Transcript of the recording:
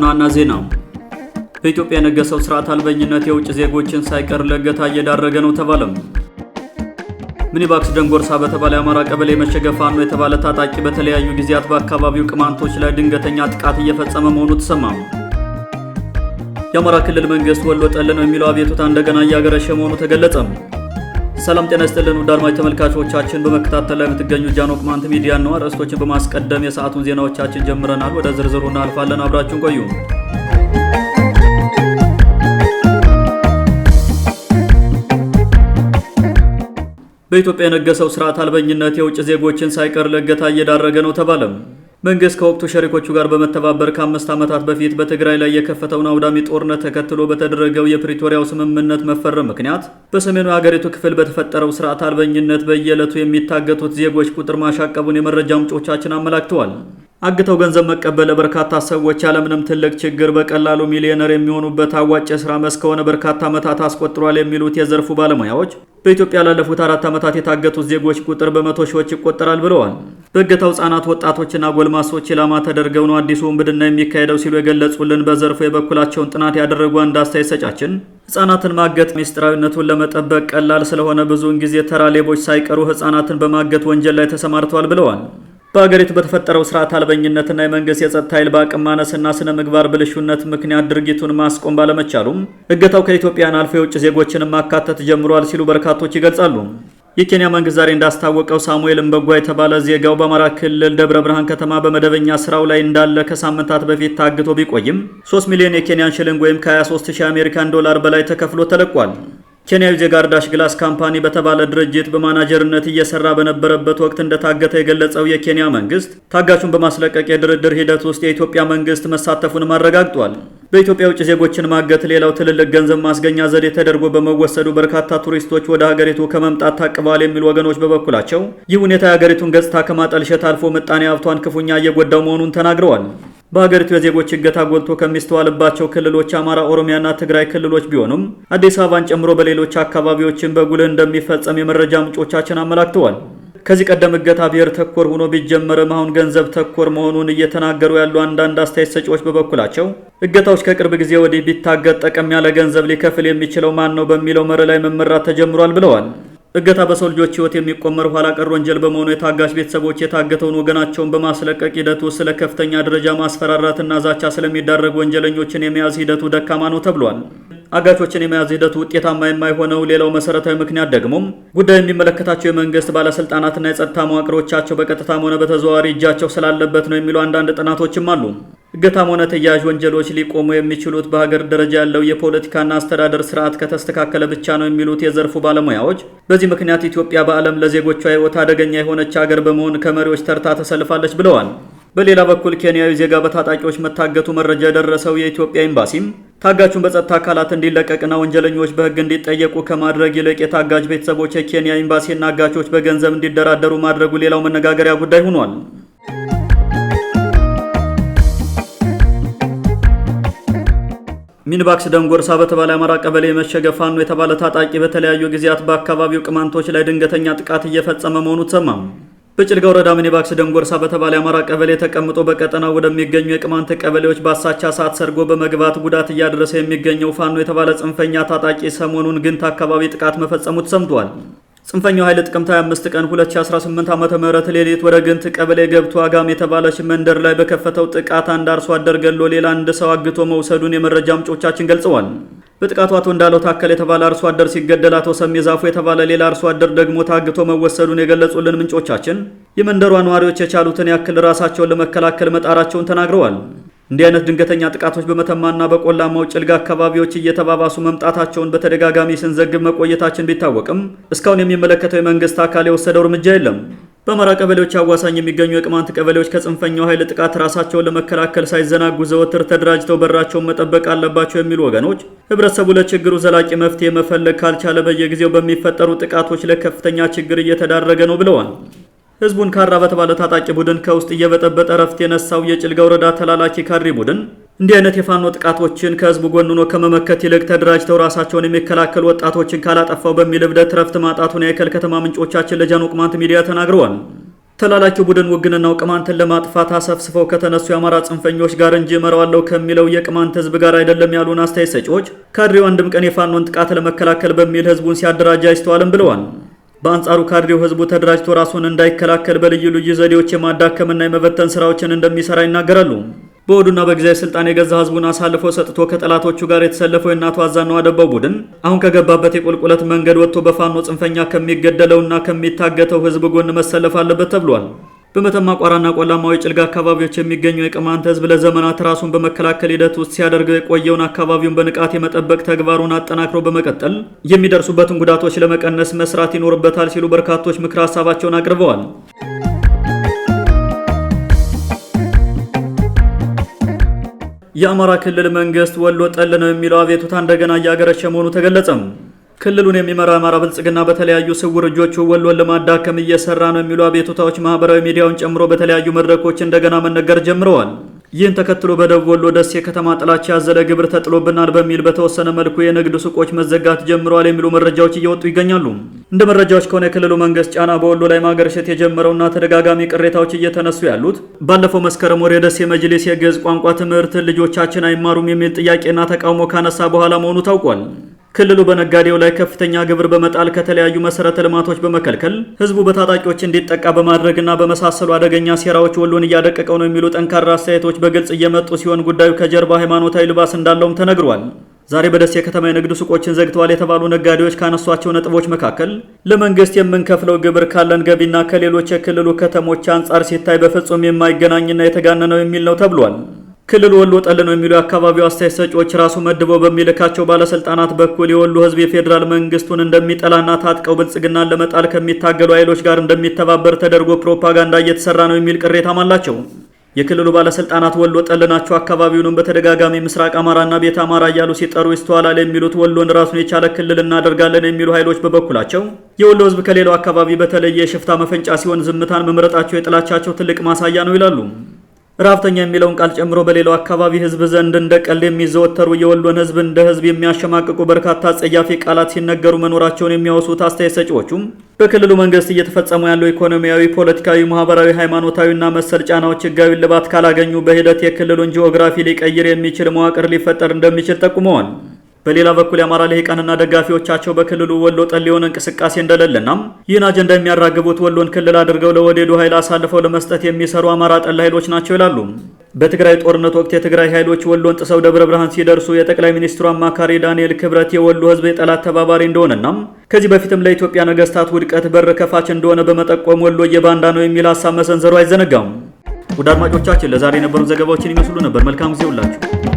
ዋና ዋና ዜና በኢትዮጵያ የነገሰው ስርዓት አልበኝነት የውጭ ዜጎችን ሳይቀር ለእገታ እየዳረገ ነው ተባለም። ሚኒባክስ ደንጎርሳ በተባለ የአማራ ቀበሌ የመሸገ ፋኖ የተባለ ታጣቂ በተለያዩ ጊዜያት በአካባቢው ቅማንቶች ላይ ድንገተኛ ጥቃት እየፈጸመ መሆኑ ተሰማ። የአማራ ክልል መንግስት ወሎ ጠል ነው የሚለው አቤቱታ እንደገና እያገረሸ መሆኑ ተገለጸም። ሰላም ጤና ይስጥልን ውድ አድማጭ ተመልካቾቻችን፣ በመከታተል ላይ የምትገኙ ጃኖ ቅማንት ሚዲያ ነው። አርዕስቶችን በማስቀደም የሰዓቱን ዜናዎቻችን ጀምረናል። ወደ ዝርዝሩ እናልፋለን። አብራችሁን ቆዩ። በኢትዮጵያ የነገሰው ስርዓት አልበኝነት የውጭ ዜጎችን ሳይቀር ለእገታ እየዳረገ ነው ተባለም። መንግስት ከወቅቱ ሸሪኮቹ ጋር በመተባበር ከአምስት ዓመታት በፊት በትግራይ ላይ የከፈተውን አውዳሚ ጦርነት ተከትሎ በተደረገው የፕሪቶሪያው ስምምነት መፈረም ምክንያት በሰሜኑ የሀገሪቱ ክፍል በተፈጠረው ስርዓት አልበኝነት በየዕለቱ የሚታገቱት ዜጎች ቁጥር ማሻቀቡን የመረጃ ምንጮቻችን አመላክተዋል። አግተው ገንዘብ መቀበል በርካታ ሰዎች ያለምንም ትልቅ ችግር በቀላሉ ሚሊዮነር የሚሆኑበት አዋጭ ስራ መስከሆነ በርካታ ዓመታት አስቆጥሯል የሚሉት የዘርፉ ባለሙያዎች በኢትዮጵያ ላለፉት አራት ዓመታት የታገቱት ዜጎች ቁጥር በመቶ ሺዎች ይቆጠራል ብለዋል። በእገታው ህጻናት፣ ወጣቶችና ጎልማሶች ኢላማ ተደርገው ነው አዲሱ ውንብድና የሚካሄደው ሲሉ የገለጹልን በዘርፉ የበኩላቸውን ጥናት ያደረጉ አንድ አስተያየት ሰጫችን ህጻናትን ማገት ሚስጥራዊነቱን ለመጠበቅ ቀላል ስለሆነ ብዙውን ጊዜ ተራ ሌቦች ሳይቀሩ ህጻናትን በማገት ወንጀል ላይ ተሰማርተዋል ብለዋል። በሀገሪቱ በተፈጠረው ስርዓት አልበኝነትና የመንግስት የጸጥታ ኃይል በአቅም ማነስና ስነ ምግባር ብልሹነት ምክንያት ድርጊቱን ማስቆም ባለመቻሉም እገታው ከኢትዮጵያን አልፎ የውጭ ዜጎችን ማካተት ጀምሯል ሲሉ በርካቶች ይገልጻሉ። የኬንያ መንግስት ዛሬ እንዳስታወቀው ሳሙኤል እምበጓ የተባለ ዜጋው በአማራ ክልል ደብረ ብርሃን ከተማ በመደበኛ ስራው ላይ እንዳለ ከሳምንታት በፊት ታግቶ ቢቆይም 3 ሚሊዮን የኬንያን ሽልንግ ወይም ከ23 ሺህ አሜሪካን ዶላር በላይ ተከፍሎ ተለቋል። ኬንያዊ ጄጋርዳሽ ግላስ ካምፓኒ በተባለ ድርጅት በማናጀርነት እየሰራ በነበረበት ወቅት እንደታገተ የገለጸው የኬንያ መንግስት ታጋቹን በማስለቀቅ የድርድር ሂደት ውስጥ የኢትዮጵያ መንግስት መሳተፉንም አረጋግጧል። በኢትዮጵያ ውጭ ዜጎችን ማገት ሌላው ትልልቅ ገንዘብ ማስገኛ ዘዴ ተደርጎ በመወሰዱ በርካታ ቱሪስቶች ወደ ሀገሪቱ ከመምጣት ታቅበዋል የሚሉ ወገኖች በበኩላቸው ይህ ሁኔታ የሀገሪቱን ገጽታ ከማጠልሸት አልፎ ምጣኔ ሀብቷን ክፉኛ እየጎዳው መሆኑን ተናግረዋል። በሀገሪቱ የዜጎች እገታ ጎልቶ ከሚስተዋልባቸው ክልሎች አማራ፣ ኦሮሚያና ትግራይ ክልሎች ቢሆኑም አዲስ አበባን ጨምሮ በሌሎች አካባቢዎችን በጉልህ እንደሚፈጸም የመረጃ ምንጮቻችን አመላክተዋል። ከዚህ ቀደም እገታ ብሔር ተኮር ሆኖ ቢጀመርም አሁን ገንዘብ ተኮር መሆኑን እየተናገሩ ያሉ አንዳንድ አስተያየት ሰጪዎች በበኩላቸው እገታዎች ከቅርብ ጊዜ ወዲህ ቢታገጥ ጠቀም ያለ ገንዘብ ሊከፍል የሚችለው ማን ነው በሚለው መርህ ላይ መመራት ተጀምሯል ብለዋል። እገታ በሰው ልጆች ህይወት የሚቆመር ኋላ ቀር ወንጀል በመሆኑ የታጋሽ ቤተሰቦች የታገተውን ወገናቸውን በማስለቀቅ ሂደቱ ስለ ከፍተኛ ደረጃ ማስፈራራትና ዛቻ ስለሚዳረግ ወንጀለኞችን የመያዝ ሂደቱ ደካማ ነው ተብሏል። አጋቾችን የመያዝ ሂደቱ ውጤታማ የማይሆነው ሌላው መሰረታዊ ምክንያት ደግሞ ጉዳዩ የሚመለከታቸው የመንግስት ባለስልጣናትና የጸጥታ መዋቅሮቻቸው በቀጥታም ሆነ በተዘዋዋሪ እጃቸው ስላለበት ነው የሚሉ አንዳንድ ጥናቶችም አሉ። እገታም ሆነ ተያያዥ ወንጀሎች ሊቆሙ የሚችሉት በሀገር ደረጃ ያለው የፖለቲካና አስተዳደር ስርዓት ከተስተካከለ ብቻ ነው የሚሉት የዘርፉ ባለሙያዎች፣ በዚህ ምክንያት ኢትዮጵያ በዓለም ለዜጎቿ ህይወት አደገኛ የሆነች ሀገር በመሆን ከመሪዎች ተርታ ተሰልፋለች ብለዋል። በሌላ በኩል ኬንያዊ ዜጋ በታጣቂዎች መታገቱ መረጃ የደረሰው የኢትዮጵያ ኤምባሲም ታጋቹን በጸጥታ አካላት እንዲለቀቅና ወንጀለኞች በሕግ እንዲጠየቁ ከማድረግ ይልቅ የታጋጅ ቤተሰቦች የኬንያ ኤምባሲና አጋቾች በገንዘብ እንዲደራደሩ ማድረጉ ሌላው መነጋገሪያ ጉዳይ ሆኗል። ሚኒባክስ ደንጎርሳ በተባለ አማራ ቀበሌ የመሸገ ፋኖ የተባለ ታጣቂ በተለያዩ ጊዜያት በአካባቢው ቅማንቶች ላይ ድንገተኛ ጥቃት እየፈጸመ መሆኑ ተሰማም። በጭልጋ ወረዳ ሚኒባክስ ደንጎርሳ በተባለ የአማራ ቀበሌ ተቀምጦ በቀጠናው ወደሚገኙ የቅማንት ቀበሌዎች በአሳቻ ሰዓት ሰርጎ በመግባት ጉዳት እያደረሰ የሚገኘው ፋኖ የተባለ ጽንፈኛ ታጣቂ ሰሞኑን ግንት አካባቢ ጥቃት መፈጸሙ ተሰምቷል። ጽንፈኛው ኃይል ጥቅምት 25 ቀን 2018 ም ሌሊት ወደ ግንት ቀበሌ ገብቶ አጋም የተባለች መንደር ላይ በከፈተው ጥቃት አንድ አርሶ አደር ገሎ ሌላ አንድ ሰው አግቶ መውሰዱን የመረጃ ምንጮቻችን ገልጸዋል። በጥቃቱ አቶ እንዳለው ታከል የተባለ አርሶ አደር ሲገደል አቶ ሰሜ ዛፉ የተባለ ሌላ አርሶ አደር ደግሞ ታግቶ መወሰዱን የገለጹልን ምንጮቻችን የመንደሯ ነዋሪዎች የቻሉትን ያክል ራሳቸውን ለመከላከል መጣራቸውን ተናግረዋል። እንዲህ አይነት ድንገተኛ ጥቃቶች በመተማና በቆላማው ጭልጋ አካባቢዎች እየተባባሱ መምጣታቸውን በተደጋጋሚ ስንዘግብ መቆየታችን ቢታወቅም እስካሁን የሚመለከተው የመንግስት አካል የወሰደው እርምጃ የለም። በአማራ ቀበሌዎች አዋሳኝ የሚገኙ የቅማንት ቀበሌዎች ከጽንፈኛው ኃይል ጥቃት ራሳቸውን ለመከላከል ሳይዘናጉ ዘወትር ተደራጅተው በራቸውን መጠበቅ አለባቸው የሚሉ ወገኖች ህብረተሰቡ ለችግሩ ዘላቂ መፍትሄ መፈለግ ካልቻለ በየጊዜው በሚፈጠሩ ጥቃቶች ለከፍተኛ ችግር እየተዳረገ ነው ብለዋል። ህዝቡን ካራ በተባለ ታጣቂ ቡድን ከውስጥ እየበጠበጠ ረፍት የነሳው የጭልጋ ወረዳ ተላላኪ ካድሬ ቡድን እንዲህ አይነት የፋኖ ጥቃቶችን ከህዝቡ ጎን ሆኖ ከመመከት ይልቅ ተደራጅተው ራሳቸውን የሚከላከሉ ወጣቶችን ካላጠፋው በሚል እብደት ረፍት ማጣቱን የአይከል ከተማ ምንጮቻችን ለጃኖ ቅማንት ሚዲያ ተናግረዋል። ተላላኪው ቡድን ውግንናው ቅማንትን ለማጥፋት አሰፍስፈው ከተነሱ የአማራ ጽንፈኞች ጋር እንጂ እመራዋለሁ ከሚለው የቅማንት ህዝብ ጋር አይደለም ያሉን አስተያየት ሰጪዎች ካድሬው አንድም ቀን የፋኖን ጥቃት ለመከላከል በሚል ህዝቡን ሲያደራጅ አይስተዋልም ብለዋል። በአንጻሩ ካድሬው ህዝቡ ተደራጅቶ ራሱን እንዳይከላከል በልዩ ልዩ ዘዴዎች የማዳከምና የመበተን ስራዎችን እንደሚሰራ ይናገራሉ። በወዱና በጊዜያዊ ስልጣን የገዛ ህዝቡን አሳልፎ ሰጥቶ ከጠላቶቹ ጋር የተሰለፈው የእናቱ አዛነው አደባው ቡድን አሁን ከገባበት የቁልቁለት መንገድ ወጥቶ በፋኖ ጽንፈኛ ከሚገደለውና ከሚታገተው ህዝብ ጎን መሰለፍ አለበት ተብሏል። በመተማ ቋራና ቆላማዊ ጭልጋ አካባቢዎች የሚገኘው የቅማንት ህዝብ ለዘመናት ራሱን በመከላከል ሂደት ውስጥ ሲያደርገው የቆየውን አካባቢውን በንቃት የመጠበቅ ተግባሩን አጠናክሮ በመቀጠል የሚደርሱበትን ጉዳቶች ለመቀነስ መስራት ይኖርበታል ሲሉ በርካቶች ምክረ ሀሳባቸውን አቅርበዋል። የአማራ ክልል መንግስት ወሎ ጠል ነው የሚለው አቤቱታ እንደገና እያገረሸ መሆኑ ተገለጸም። ክልሉን የሚመራው አማራ ብልጽግና በተለያዩ ስውር እጆቹ ወሎን ለማዳከም እየሰራ ነው የሚሉ አቤቱታዎች ማህበራዊ ሚዲያውን ጨምሮ በተለያዩ መድረኮች እንደገና መነገር ጀምረዋል። ይህን ተከትሎ በደቡብ ወሎ ደሴ ከተማ ጥላቻ ያዘለ ግብር ተጥሎብናል በሚል በተወሰነ መልኩ የንግድ ሱቆች መዘጋት ጀምረዋል የሚሉ መረጃዎች እየወጡ ይገኛሉ። እንደ መረጃዎች ከሆነ የክልሉ መንግስት ጫና በወሎ ላይ ማገርሸት የጀመረውና ተደጋጋሚ ቅሬታዎች እየተነሱ ያሉት ባለፈው መስከረም ወር የደሴ መጅሊስ የግዕዝ ቋንቋ ትምህርት ልጆቻችን አይማሩም የሚል ጥያቄና ተቃውሞ ካነሳ በኋላ መሆኑ ታውቋል። ክልሉ በነጋዴው ላይ ከፍተኛ ግብር በመጣል ከተለያዩ መሰረተ ልማቶች በመከልከል ህዝቡ በታጣቂዎች እንዲጠቃ በማድረግና በመሳሰሉ አደገኛ ሴራዎች ወሎን እያደቀቀው ነው የሚሉ ጠንካራ አስተያየቶች በግልጽ እየመጡ ሲሆን ጉዳዩ ከጀርባ ሃይማኖታዊ ልባስ እንዳለውም ተነግሯል። ዛሬ በደሴ ከተማ የንግድ ሱቆችን ዘግተዋል የተባሉ ነጋዴዎች ካነሷቸው ነጥቦች መካከል ለመንግስት የምንከፍለው ግብር ካለን ገቢና ከሌሎች የክልሉ ከተሞች አንጻር ሲታይ በፍጹም የማይገናኝና የተጋነነው የሚል ነው ተብሏል። ክልል ወሎ ጠል ነው የሚሉ የአካባቢው አስተያየት ሰጪዎች ራሱ መድበው በሚልካቸው ባለስልጣናት በኩል የወሎ ህዝብ የፌዴራል መንግስቱን እንደሚጠላና ታጥቀው ብልጽግናን ለመጣል ከሚታገሉ ኃይሎች ጋር እንደሚተባበር ተደርጎ ፕሮፓጋንዳ እየተሰራ ነው የሚል ቅሬታም አላቸው። የክልሉ ባለስልጣናት ወሎ ጠል ናቸው፣ አካባቢውንም በተደጋጋሚ ምስራቅ አማራና ቤተ አማራ እያሉ ሲጠሩ ይስተዋላል የሚሉት ወሎን ራሱን የቻለ ክልል እናደርጋለን የሚሉ ኃይሎች በበኩላቸው የወሎ ህዝብ ከሌላው አካባቢ በተለየ የሽፍታ መፈንጫ ሲሆን ዝምታን መምረጣቸው የጥላቻቸው ትልቅ ማሳያ ነው ይላሉ። ራፍተኛ የሚለውን ቃል ጨምሮ በሌላው አካባቢ ህዝብ ዘንድ እንደ ቀልድ የሚዘወተሩ የወሎን ህዝብ እንደ ህዝብ የሚያሸማቅቁ በርካታ ጸያፊ ቃላት ሲነገሩ መኖራቸውን የሚያወሱት አስተያየት ሰጪዎቹም በክልሉ መንግስት እየተፈጸሙ ያለው ኢኮኖሚያዊ፣ ፖለቲካዊ፣ ማህበራዊ፣ ሃይማኖታዊና መሰል ጫናዎች ህጋዊ ልባት ካላገኙ በሂደት የክልሉን ጂኦግራፊ ሊቀይር የሚችል መዋቅር ሊፈጠር እንደሚችል ጠቁመዋል። በሌላ በኩል የአማራ ልሂቃንና ደጋፊዎቻቸው በክልሉ ወሎ ጠል የሆነ እንቅስቃሴ እንደሌለና ይህን አጀንዳ የሚያራግቡት ወሎን ክልል አድርገው ለወዴዱ ኃይል አሳልፈው ለመስጠት የሚሰሩ አማራ ጠል ኃይሎች ናቸው ይላሉ። በትግራይ ጦርነት ወቅት የትግራይ ኃይሎች ወሎን ጥሰው ደብረ ብርሃን ሲደርሱ የጠቅላይ ሚኒስትሩ አማካሪ ዳንኤል ክብረት የወሎ ሕዝብ የጠላት ተባባሪ እንደሆነና ከዚህ በፊትም ለኢትዮጵያ ነገስታት ውድቀት በር ከፋች እንደሆነ በመጠቆም ወሎ የባንዳ ነው የሚል ሀሳብ መሰንዘሩ አይዘነጋም። ውድ አድማጮቻችን ለዛሬ የነበሩን ዘገባዎችን ይመስሉ ነበር። መልካም ጊዜ ሁላችሁ